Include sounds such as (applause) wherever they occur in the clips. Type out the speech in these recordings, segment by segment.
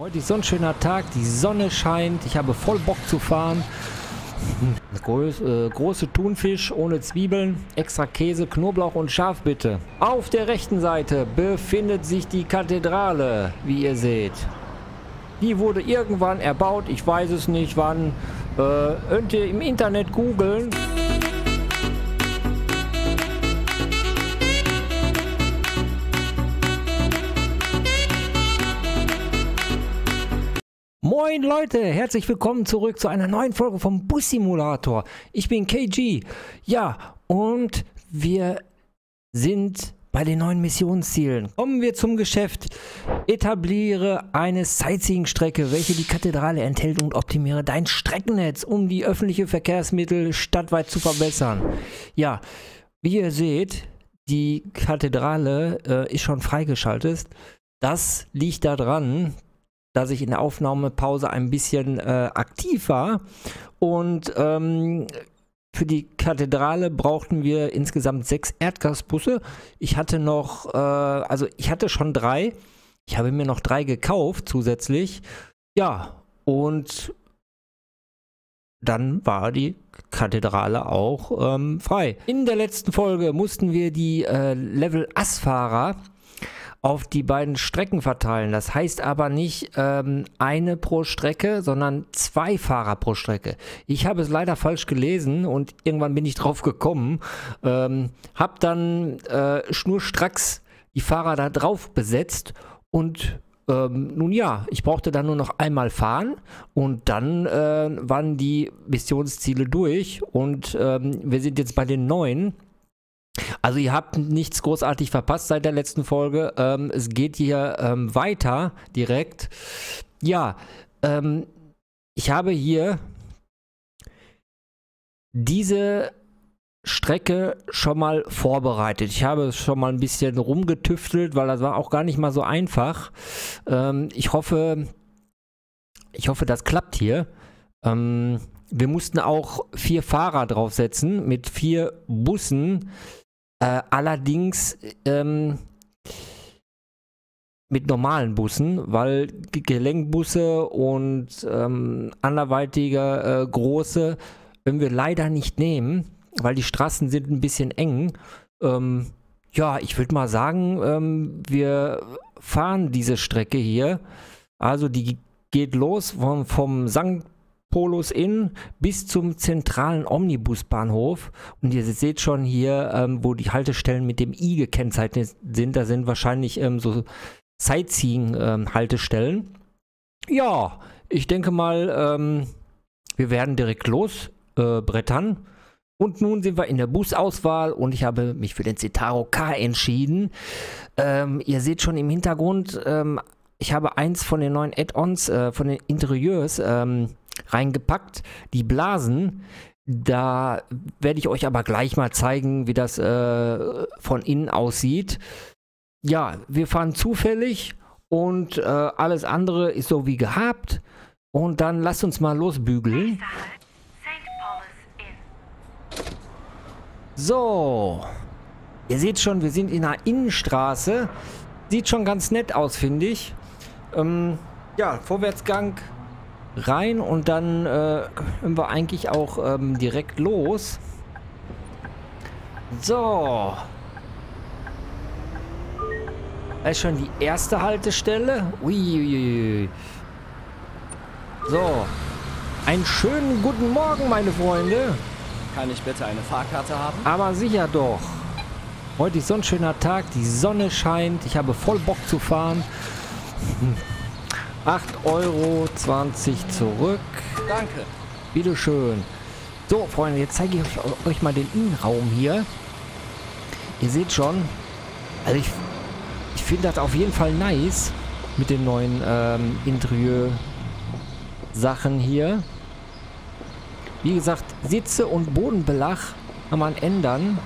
Heute ist so ein schöner Tag, die Sonne scheint, ich habe voll Bock zu fahren. Hm, groß, äh, große Thunfisch ohne Zwiebeln, extra Käse, Knoblauch und Schaf bitte. Auf der rechten Seite befindet sich die Kathedrale, wie ihr seht. Die wurde irgendwann erbaut, ich weiß es nicht wann. Äh, könnt ihr im Internet googeln. Moin Leute, herzlich willkommen zurück zu einer neuen Folge vom Bus Simulator. Ich bin KG. Ja, und wir sind bei den neuen Missionszielen. Kommen wir zum Geschäft. Etabliere eine Sightseeing-Strecke, welche die Kathedrale enthält und optimiere dein Streckennetz, um die öffentlichen Verkehrsmittel stadtweit zu verbessern. Ja, wie ihr seht, die Kathedrale äh, ist schon freigeschaltet. Das liegt daran, dass ich in der Aufnahmepause ein bisschen äh, aktiv war. Und ähm, für die Kathedrale brauchten wir insgesamt sechs Erdgasbusse. Ich hatte noch, äh, also ich hatte schon drei. Ich habe mir noch drei gekauft zusätzlich. Ja, und dann war die Kathedrale auch ähm, frei. In der letzten Folge mussten wir die äh, Level Ass-Fahrer auf die beiden Strecken verteilen. Das heißt aber nicht ähm, eine pro Strecke, sondern zwei Fahrer pro Strecke. Ich habe es leider falsch gelesen und irgendwann bin ich drauf gekommen. Ähm, habe dann äh, schnurstracks die Fahrer da drauf besetzt und ähm, nun ja, ich brauchte dann nur noch einmal fahren und dann äh, waren die Missionsziele durch und ähm, wir sind jetzt bei den neuen. Also ihr habt nichts großartig verpasst seit der letzten Folge. Ähm, es geht hier ähm, weiter direkt. Ja, ähm, ich habe hier diese Strecke schon mal vorbereitet. Ich habe es schon mal ein bisschen rumgetüftelt, weil das war auch gar nicht mal so einfach. Ähm, ich hoffe, ich hoffe, das klappt hier. Ähm, wir mussten auch vier Fahrer draufsetzen mit vier Bussen. Äh, allerdings ähm, mit normalen Bussen, weil Gelenkbusse und ähm, anderweitige äh, große können wir leider nicht nehmen, weil die Straßen sind ein bisschen eng. Ähm, ja, ich würde mal sagen, ähm, wir fahren diese Strecke hier. Also die geht los vom, vom St. Polos Inn bis zum zentralen Omnibusbahnhof. Und ihr seht schon hier, ähm, wo die Haltestellen mit dem I gekennzeichnet sind. Da sind wahrscheinlich ähm, so Sightseeing-Haltestellen. Ähm, ja, ich denke mal, ähm, wir werden direkt losbrettern. Äh, und nun sind wir in der Busauswahl und ich habe mich für den Citaro K entschieden. Ähm, ihr seht schon im Hintergrund, ähm, ich habe eins von den neuen Add-ons, äh, von den Interieurs ähm, reingepackt. Die Blasen, da werde ich euch aber gleich mal zeigen, wie das äh, von innen aussieht. Ja, wir fahren zufällig und äh, alles andere ist so wie gehabt. Und dann lasst uns mal losbügeln. So, ihr seht schon, wir sind in einer Innenstraße. Sieht schon ganz nett aus, finde ich. Ähm, ja, Vorwärtsgang rein und dann äh, können wir eigentlich auch ähm, direkt los. So. Das ist schon die erste Haltestelle. Uiuiui. So. Einen schönen guten Morgen, meine Freunde. Kann ich bitte eine Fahrkarte haben? Aber sicher doch. Heute ist so ein schöner Tag. Die Sonne scheint. Ich habe voll Bock zu fahren. 8,20 Euro zurück. Danke. Bitteschön. So, Freunde, jetzt zeige ich euch mal den Innenraum hier. Ihr seht schon, also ich, ich finde das auf jeden Fall nice mit den neuen ähm, Interieur-Sachen hier. Wie gesagt, Sitze und Bodenbelach kann man ändern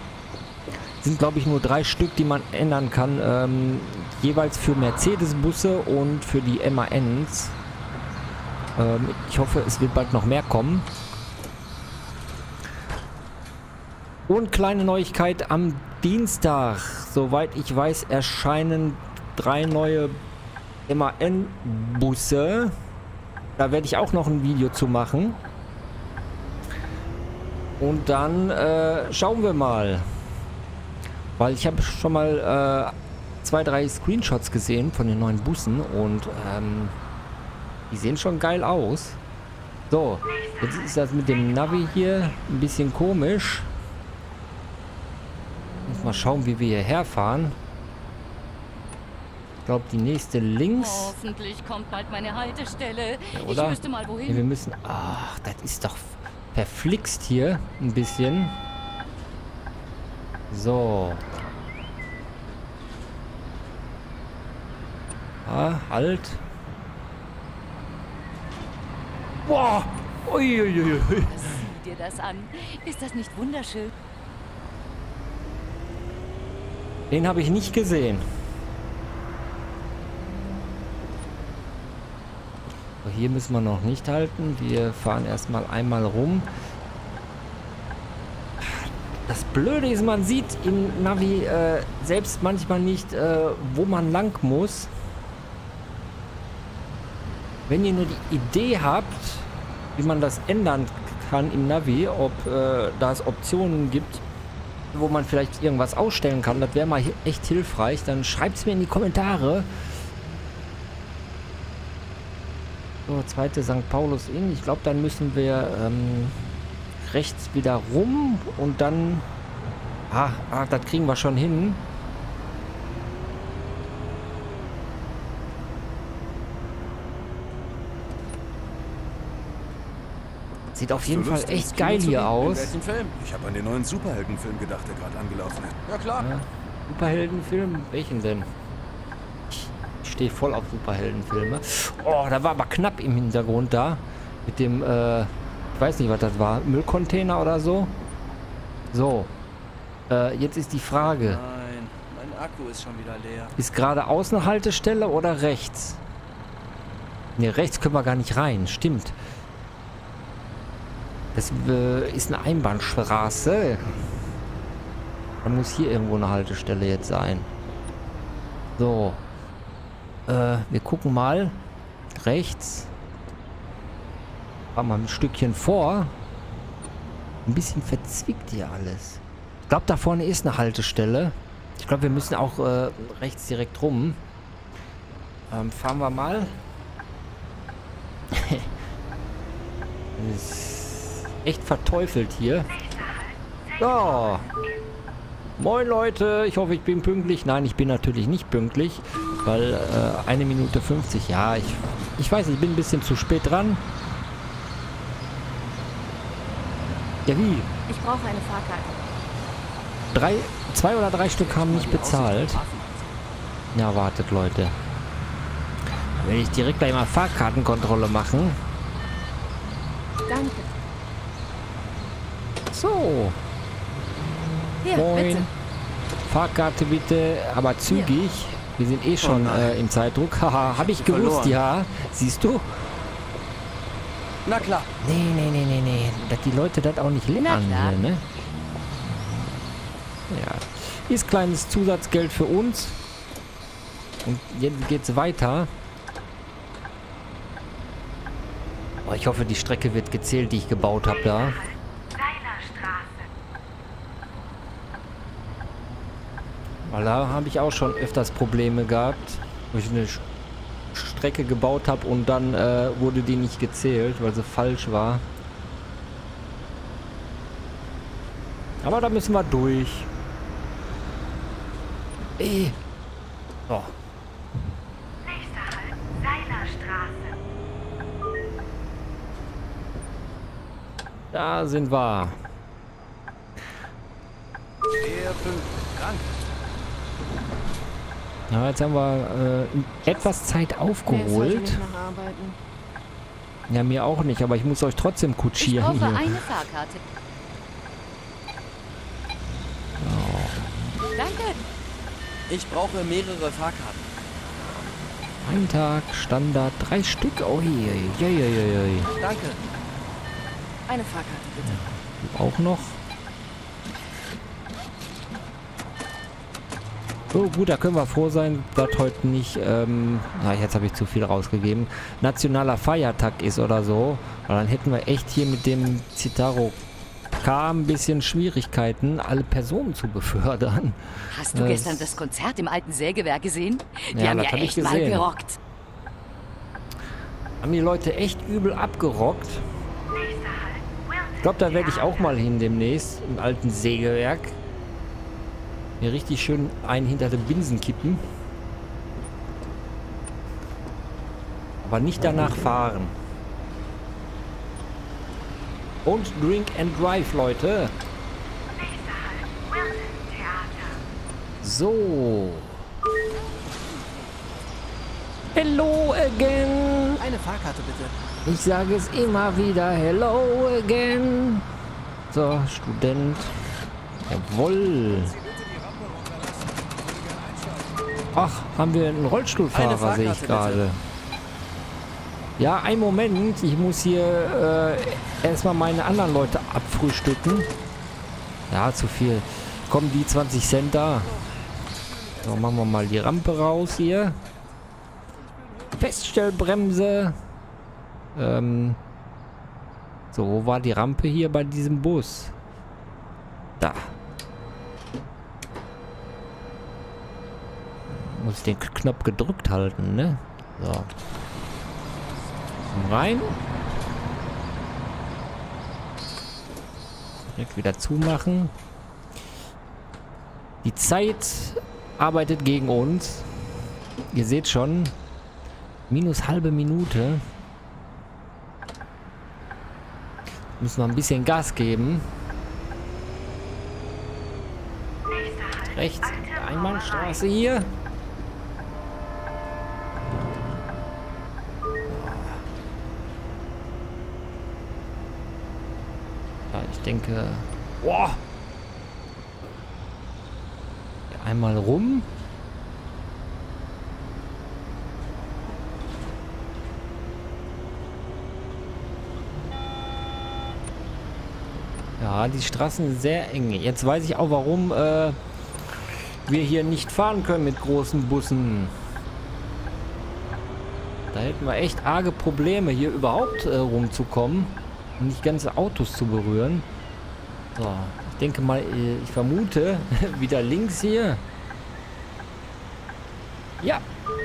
sind, glaube ich, nur drei Stück, die man ändern kann. Ähm, jeweils für Mercedes-Busse und für die MANs. Ähm, ich hoffe, es wird bald noch mehr kommen. Und kleine Neuigkeit am Dienstag. Soweit ich weiß, erscheinen drei neue MAN-Busse. Da werde ich auch noch ein Video zu machen. Und dann äh, schauen wir mal. Weil ich habe schon mal äh, zwei, drei Screenshots gesehen von den neuen Bussen und ähm, die sehen schon geil aus. So, jetzt ist das mit dem Navi hier ein bisschen komisch. Muss mal schauen, wie wir hierher fahren. Ich glaube, die nächste links. Hoffentlich kommt bald meine Haltestelle. Ja, oder? Ich mal wohin. Ja, wir müssen... Ach, das ist doch verflixt hier ein bisschen. So. Ah, halt. Boah! Uiuiui. Sieh dir das an. Ist das nicht wunderschön? Den habe ich nicht gesehen. hier müssen wir noch nicht halten. Wir fahren erstmal einmal rum. Das Blöde ist, man sieht im Navi äh, selbst manchmal nicht, äh, wo man lang muss. Wenn ihr nur die Idee habt, wie man das ändern kann im Navi, ob äh, da es Optionen gibt, wo man vielleicht irgendwas ausstellen kann, das wäre mal echt hilfreich, dann schreibt es mir in die Kommentare. So, zweite St. Paulus Inn. Ich glaube, dann müssen wir... Ähm rechts wieder rum und dann... Ah, ah das kriegen wir schon hin. Sieht auf jeden Fall echt geil hier aus. Ich habe an den neuen Superheldenfilm gedacht, der gerade angelaufen ist. Ja klar. Ja. Superheldenfilm? Welchen denn? Ich stehe voll auf Superheldenfilme. Oh, da war aber knapp im Hintergrund da. Mit dem, äh, ich weiß nicht, was das war. Müllcontainer oder so? So. Äh, jetzt ist die Frage. Nein, mein Akku ist schon wieder leer. Ist geradeaus eine Haltestelle oder rechts? Ne, rechts können wir gar nicht rein. Stimmt. Das äh, ist eine Einbahnstraße. Dann muss hier irgendwo eine Haltestelle jetzt sein. So. Äh, wir gucken mal. Rechts. Fahren wir ein Stückchen vor. Ein bisschen verzwickt hier alles. Ich glaube, da vorne ist eine Haltestelle. Ich glaube, wir müssen auch äh, rechts direkt rum. Ähm, fahren wir mal. (laughs) ist echt verteufelt hier. So. Moin Leute, ich hoffe, ich bin pünktlich. Nein, ich bin natürlich nicht pünktlich, weil äh, eine Minute 50. Ja, ich, ich weiß, ich bin ein bisschen zu spät dran. Ja, wie? Ich brauche eine Fahrkarte. Drei, zwei oder drei Stück haben nicht bezahlt. Ja, wartet, Leute. Will ich direkt gleich mal Fahrkartenkontrolle machen. Danke. So. Hier, Moin. Bitte. Fahrkarte bitte, aber zügig. Hier. Wir sind eh schon oh äh, im Zeitdruck. (laughs) Haha, habe ich gewusst, ja. Siehst du? Na klar. Nee, nee, nee, nee, nee. Dass die Leute das auch nicht lernen hier, ne? Ja. Ist kleines Zusatzgeld für uns. Und jetzt geht's weiter. Oh, ich hoffe, die Strecke wird gezählt, die ich gebaut habe da. Weil da habe ich auch schon öfters Probleme gehabt, wo ich eine Strecke gebaut habe und dann äh, wurde die nicht gezählt, weil sie falsch war. Aber da müssen wir durch. Ey. Äh. So. Da sind wir. Der 5 krank. Aber jetzt haben wir äh, etwas Zeit aufgeholt. Ja, mir auch nicht, aber ich muss euch trotzdem kutschieren. Ich eine Fahrkarte. Oh. Danke. Ich brauche mehrere Fahrkarten. Ein Tag, Standard, drei Stück. Oh je, je, je, je, je. Danke. Eine Fahrkarte bitte. Ja, auch noch. So gut, da können wir froh sein, dass heute nicht, ähm, na, jetzt habe ich zu viel rausgegeben, nationaler Feiertag ist oder so. Weil dann hätten wir echt hier mit dem Citaro K ein bisschen Schwierigkeiten, alle Personen zu befördern. Hast du das, gestern das Konzert im alten Sägewerk gesehen? Die ja, haben ja hab echt mal gerockt. Haben die Leute echt übel abgerockt. Ich glaube, da werde ich auch mal hin demnächst, im alten Sägewerk. Mir richtig schön einen hinter den Binsen kippen. Aber nicht danach fahren. Und Drink and Drive, Leute. So. Hello again. Eine Fahrkarte bitte. Ich sage es immer wieder. Hello again. So, Student. Jawoll. Ach, haben wir einen Rollstuhlfahrer, sehe ich gerade. Ja, einen Moment. Ich muss hier äh, erstmal meine anderen Leute abfrühstücken. Ja, zu viel. Kommen die 20 Cent da. So, machen wir mal die Rampe raus hier. Feststellbremse. Ähm. So, wo war die Rampe hier bei diesem Bus? Da. Muss ich den Knopf gedrückt halten, ne? So. Rein. Direkt wieder zumachen. Die Zeit arbeitet gegen uns. Ihr seht schon. Minus halbe Minute. Müssen wir ein bisschen Gas geben. Rechts. Einbahnstraße hier. denke... Boah! Einmal rum. Ja, die Straßen sind sehr eng. Jetzt weiß ich auch, warum äh, wir hier nicht fahren können mit großen Bussen. Da hätten wir echt arge Probleme, hier überhaupt äh, rumzukommen und nicht ganze Autos zu berühren. So, ich denke mal, äh, ich vermute, (laughs) wieder links hier. Ja,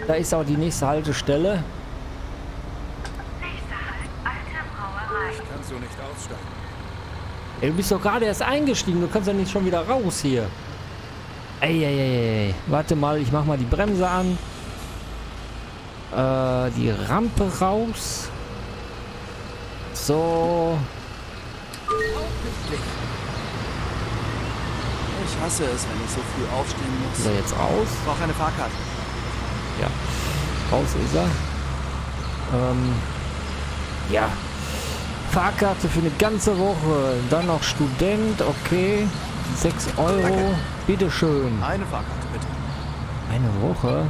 da ist auch die nächste Haltestelle. Ey, du bist doch gerade erst eingestiegen. Du kannst ja nicht schon wieder raus hier. Ey, ey, ey, ey. Warte mal, ich mach mal die Bremse an. Äh, die Rampe raus. So. Hoffentlich. Ich hasse es, wenn ich so früh aufstehen muss. Ist er jetzt raus? Ich brauche eine Fahrkarte. Ja, raus ist er. Ähm, ja. Fahrkarte für eine ganze Woche. Dann noch Student, okay. 6 Euro. Danke. Bitteschön. Eine Fahrkarte, bitte. Eine Woche.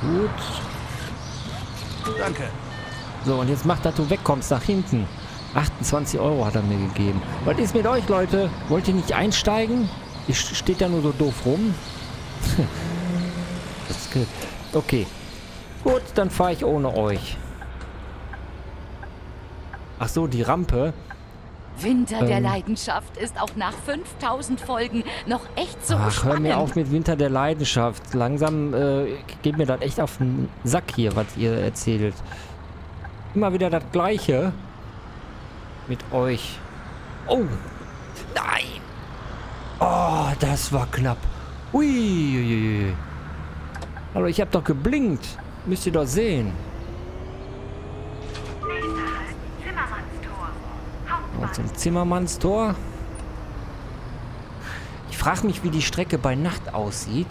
Gut. Danke. So, und jetzt mach, dass du wegkommst nach hinten. 28 Euro hat er mir gegeben. Was ist mit euch, Leute? Wollt ihr nicht einsteigen? Ich steht da nur so doof rum. (laughs) okay. Gut, dann fahre ich ohne euch. Ach so, die Rampe. Winter ähm. der Leidenschaft ist auch nach 5000 Folgen noch echt so Ach, spannend. hör mir auf mit Winter der Leidenschaft. Langsam äh, geht mir das echt auf den Sack hier, was ihr erzählt. Immer wieder das Gleiche. Mit euch. Oh! Nein! Oh, das war knapp. Ui. Hallo, ich habe doch geblinkt. Müsst ihr doch sehen. zum Zimmermannstor. Ich frage mich, wie die Strecke bei Nacht aussieht.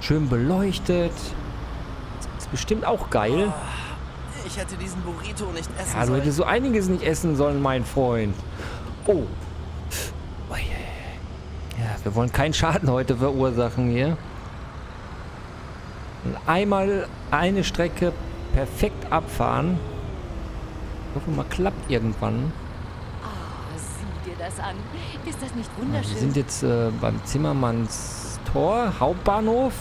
Schön beleuchtet. Ist bestimmt auch geil. Oh. Ich hätte diesen Burrito nicht essen sollen. Ja, du hättest so einiges nicht essen sollen, mein Freund. Oh. Ja, wir wollen keinen Schaden heute verursachen hier. Und einmal eine Strecke perfekt abfahren. Ich hoffe mal, klappt irgendwann. Ah, das an. Ist das nicht wunderschön? Ja, wir sind jetzt äh, beim Zimmermanns Tor, Hauptbahnhof.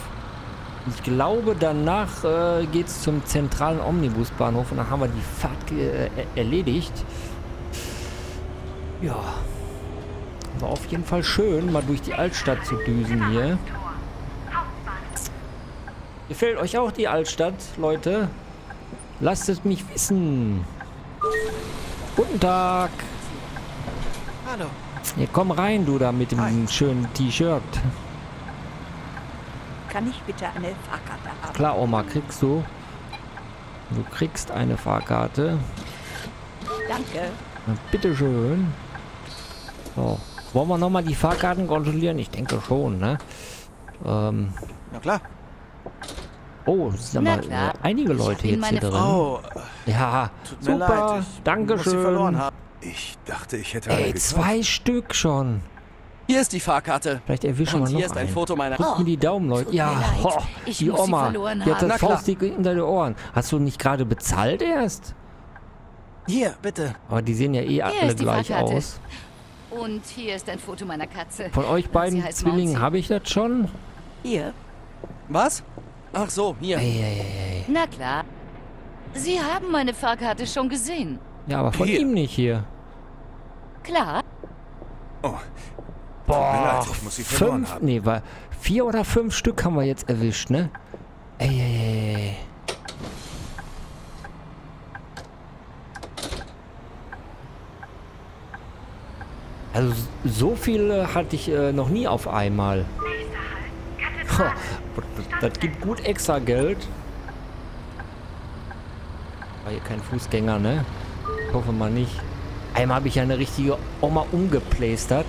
Ich glaube, danach äh, geht es zum zentralen Omnibusbahnhof und dann haben wir die Fahrt äh, erledigt. Ja. War auf jeden Fall schön, mal durch die Altstadt zu düsen hier. Gefällt euch auch die Altstadt, Leute? Lasst es mich wissen. Guten Tag. Hallo. Ja, komm rein, du da mit dem Hi. schönen T-Shirt. Kann ich bitte eine Fahrkarte haben? Klar, Oma, kriegst du. Du kriegst eine Fahrkarte. Danke. bitteschön. So. Wollen wir nochmal die Fahrkarten kontrollieren? Ich denke schon, ne? Ähm. Na klar. Oh, es sind aber äh, einige Leute jetzt hier drin. Frau. Ja, Tut super. Dankeschön. Ich dachte, ich hätte Ey, zwei Stück schon. Hier ist die Fahrkarte. Vielleicht erwischen wir noch hier ist ein einen. Foto meiner... Drückt oh, mir die Daumen, Leute. Ja, ho, die Oma, verloren die hat das Faustdick in deine Ohren. Hast du nicht gerade bezahlt erst? Hier, bitte. Aber die sehen ja eh hier alle gleich Fahrkarte. aus. Und hier ist ein Foto meiner Katze. Von euch beiden Zwillingen habe ich das schon? Hier. Was? Ach so, hier. Ei, ei, ei. Na klar. Sie haben meine Fahrkarte schon gesehen. Ja, aber von hier. ihm nicht hier. Klar. Oh, Boah, leid, ich muss sie fünf, haben. nee, war vier oder fünf Stück haben wir jetzt erwischt, ne? Ey, ey, ey. Also so viel hatte ich äh, noch nie auf einmal. Ha, das gibt gut extra Geld. War hier kein Fußgänger, ne? Ich hoffe mal nicht. Einmal habe ich ja eine richtige Oma umgeplästert.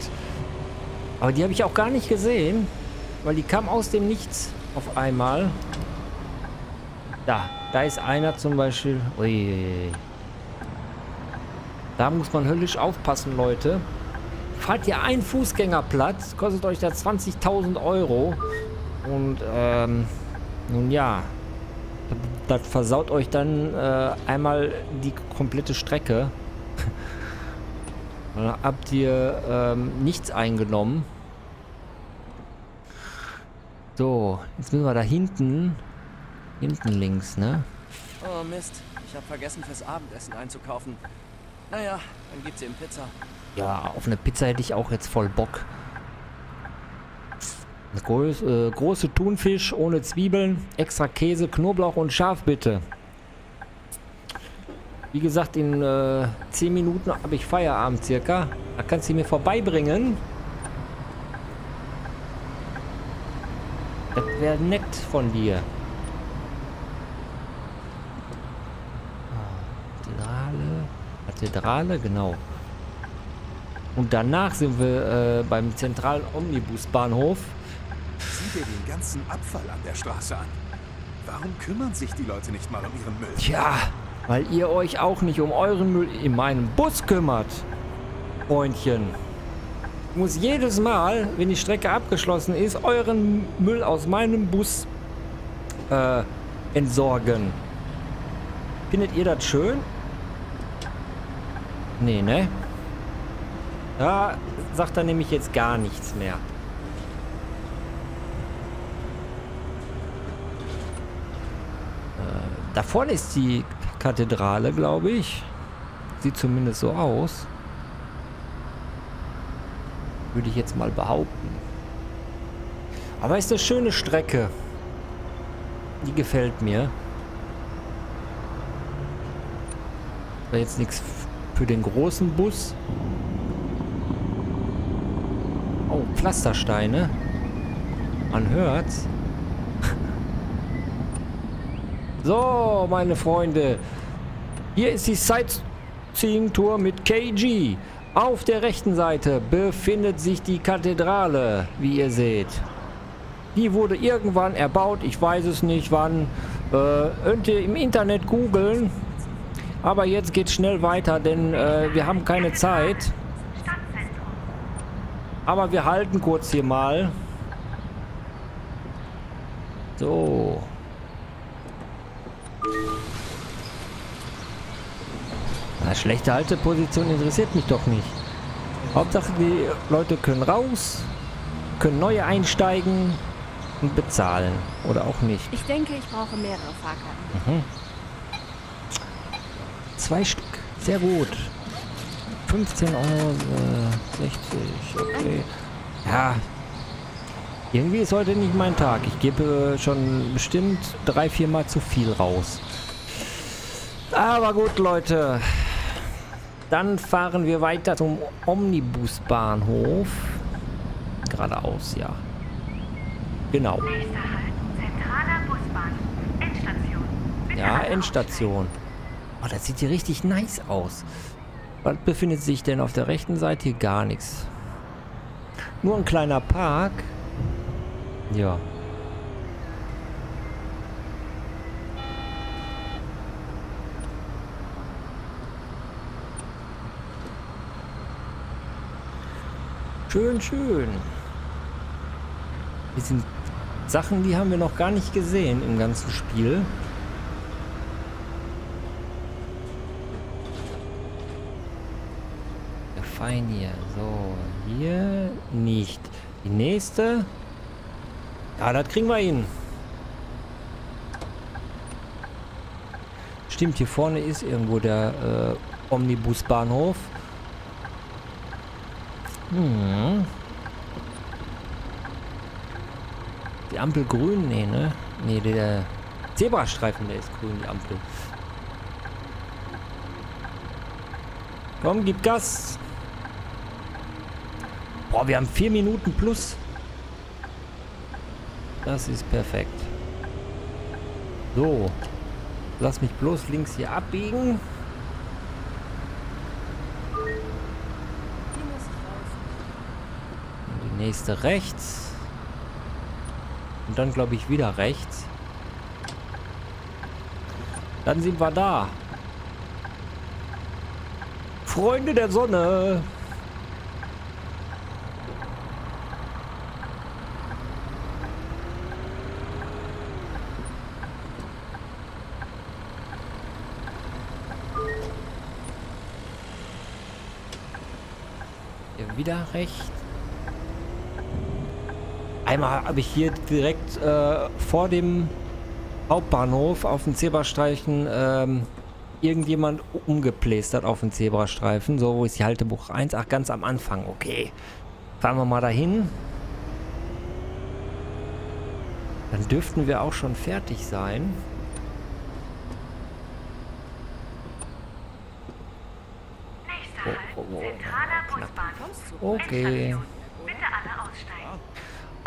Aber die habe ich auch gar nicht gesehen, weil die kam aus dem Nichts auf einmal. Da, da ist einer zum Beispiel. Ui. Da muss man höllisch aufpassen, Leute. Fahrt ihr einen Fußgängerplatz, kostet euch da 20.000 Euro. Und, ähm, nun ja. Das versaut euch dann äh, einmal die komplette Strecke. (laughs) Dann habt ihr ähm, nichts eingenommen. So, jetzt müssen wir da hinten. Hinten links, ne? Oh Mist, ich habe vergessen fürs Abendessen einzukaufen. Naja, dann gibt's eben Pizza. Ja, auf eine Pizza hätte ich auch jetzt voll Bock. Groß, äh, große Thunfisch ohne Zwiebeln, extra Käse, Knoblauch und Schaf bitte. Wie gesagt, in äh, 10 Minuten habe ich Feierabend circa. Da kannst du mir vorbeibringen. Wäre nett von dir. Kathedrale. Kathedrale, genau. Und danach sind wir äh, beim zentralen Omnibusbahnhof. Sieh dir den ganzen Abfall an der Straße an. Warum kümmern sich die Leute nicht mal um ihren Müll? Tja, weil ihr euch auch nicht um euren Müll in meinem Bus kümmert, Freundchen muss jedes Mal, wenn die Strecke abgeschlossen ist, euren Müll aus meinem Bus äh, entsorgen. Findet ihr das schön? Nee, ne? Da sagt er nämlich jetzt gar nichts mehr. Äh, da vorne ist die Kathedrale, glaube ich. Sieht zumindest so aus würde ich jetzt mal behaupten. Aber ist eine schöne Strecke. Die gefällt mir. War jetzt nichts für den großen Bus. Oh, Pflastersteine. Man hört's. (laughs) so, meine Freunde. Hier ist die Sightseeing-Tour mit KG. Auf der rechten Seite befindet sich die Kathedrale, wie ihr seht. Die wurde irgendwann erbaut, ich weiß es nicht wann. Äh, könnt ihr im Internet googeln. Aber jetzt geht's schnell weiter, denn äh, wir haben keine Zeit. Aber wir halten kurz hier mal. So. Eine schlechte Halteposition interessiert mich doch nicht. Hauptsache die Leute können raus, können neue einsteigen und bezahlen. Oder auch nicht. Ich denke, ich brauche mehrere Fahrkarten. Mhm. Zwei Stück. Sehr gut. 15 Euro, äh, 60, okay. Ja. Irgendwie ist heute nicht mein Tag. Ich gebe schon bestimmt drei, vier Mal zu viel raus. Aber gut, Leute. Dann fahren wir weiter zum Omnibusbahnhof. Geradeaus, ja. Genau. Ja, Endstation. Oh, das sieht hier richtig nice aus. Was befindet sich denn auf der rechten Seite? Hier gar nichts. Nur ein kleiner Park. Ja. Schön, schön. Hier sind Sachen, die haben wir noch gar nicht gesehen im ganzen Spiel. Ja, fein hier. So, hier nicht. Die nächste. Ja, das kriegen wir hin. Stimmt, hier vorne ist irgendwo der äh, Omnibusbahnhof. Hm. Die Ampel grün? Nee, ne? Nee, der Zebrastreifen, der ist grün, die Ampel. Komm, gib Gas. Boah, wir haben vier Minuten plus. Das ist perfekt. So. Lass mich bloß links hier abbiegen. Nächste rechts. Und dann, glaube ich, wieder rechts. Dann sind wir da. Freunde der Sonne. wieder rechts. Einmal habe ich hier direkt äh, vor dem Hauptbahnhof auf dem Zebrastreifen ähm, irgendjemand umgeplästert auf dem Zebrastreifen. So, wo ist die Haltebuch 1? Ach, ganz am Anfang. Okay. Fahren wir mal dahin. Dann dürften wir auch schon fertig sein. Halt. Oh, oh, oh, oh. zentraler Busbahnhof. Okay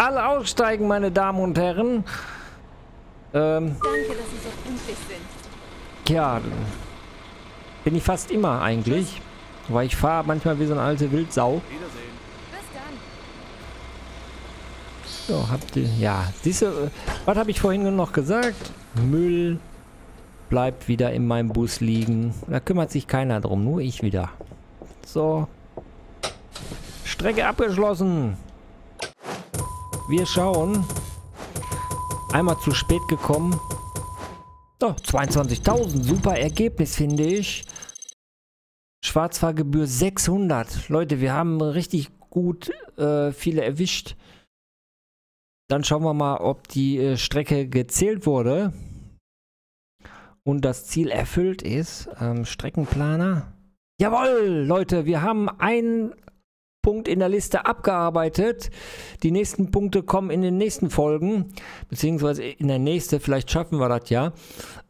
alle aussteigen, meine Damen und Herren. Ähm, Danke, dass Sie so pünktlich sind. Ja, bin ich fast immer eigentlich. Weil ich fahre manchmal wie so eine alte Wildsau. So, habt ihr... Ja, siehst du, was habe ich vorhin noch gesagt? Müll bleibt wieder in meinem Bus liegen. Da kümmert sich keiner drum, nur ich wieder. So. Strecke abgeschlossen. Wir schauen. Einmal zu spät gekommen. Oh, 22.000. Super Ergebnis, finde ich. Schwarzfahrgebühr 600. Leute, wir haben richtig gut äh, viele erwischt. Dann schauen wir mal, ob die äh, Strecke gezählt wurde und das Ziel erfüllt ist. Ähm, Streckenplaner. Jawohl, Leute, wir haben ein Punkt in der Liste abgearbeitet. Die nächsten Punkte kommen in den nächsten Folgen, beziehungsweise in der nächste, vielleicht schaffen wir das ja.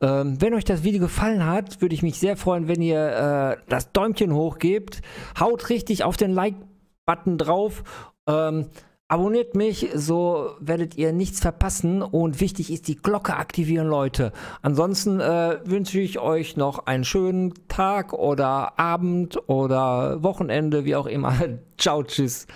Ähm, wenn euch das Video gefallen hat, würde ich mich sehr freuen, wenn ihr äh, das Däumchen hochgebt. Haut richtig auf den Like-Button drauf. Ähm, Abonniert mich, so werdet ihr nichts verpassen und wichtig ist die Glocke aktivieren, Leute. Ansonsten äh, wünsche ich euch noch einen schönen Tag oder Abend oder Wochenende, wie auch immer. (laughs) Ciao, tschüss.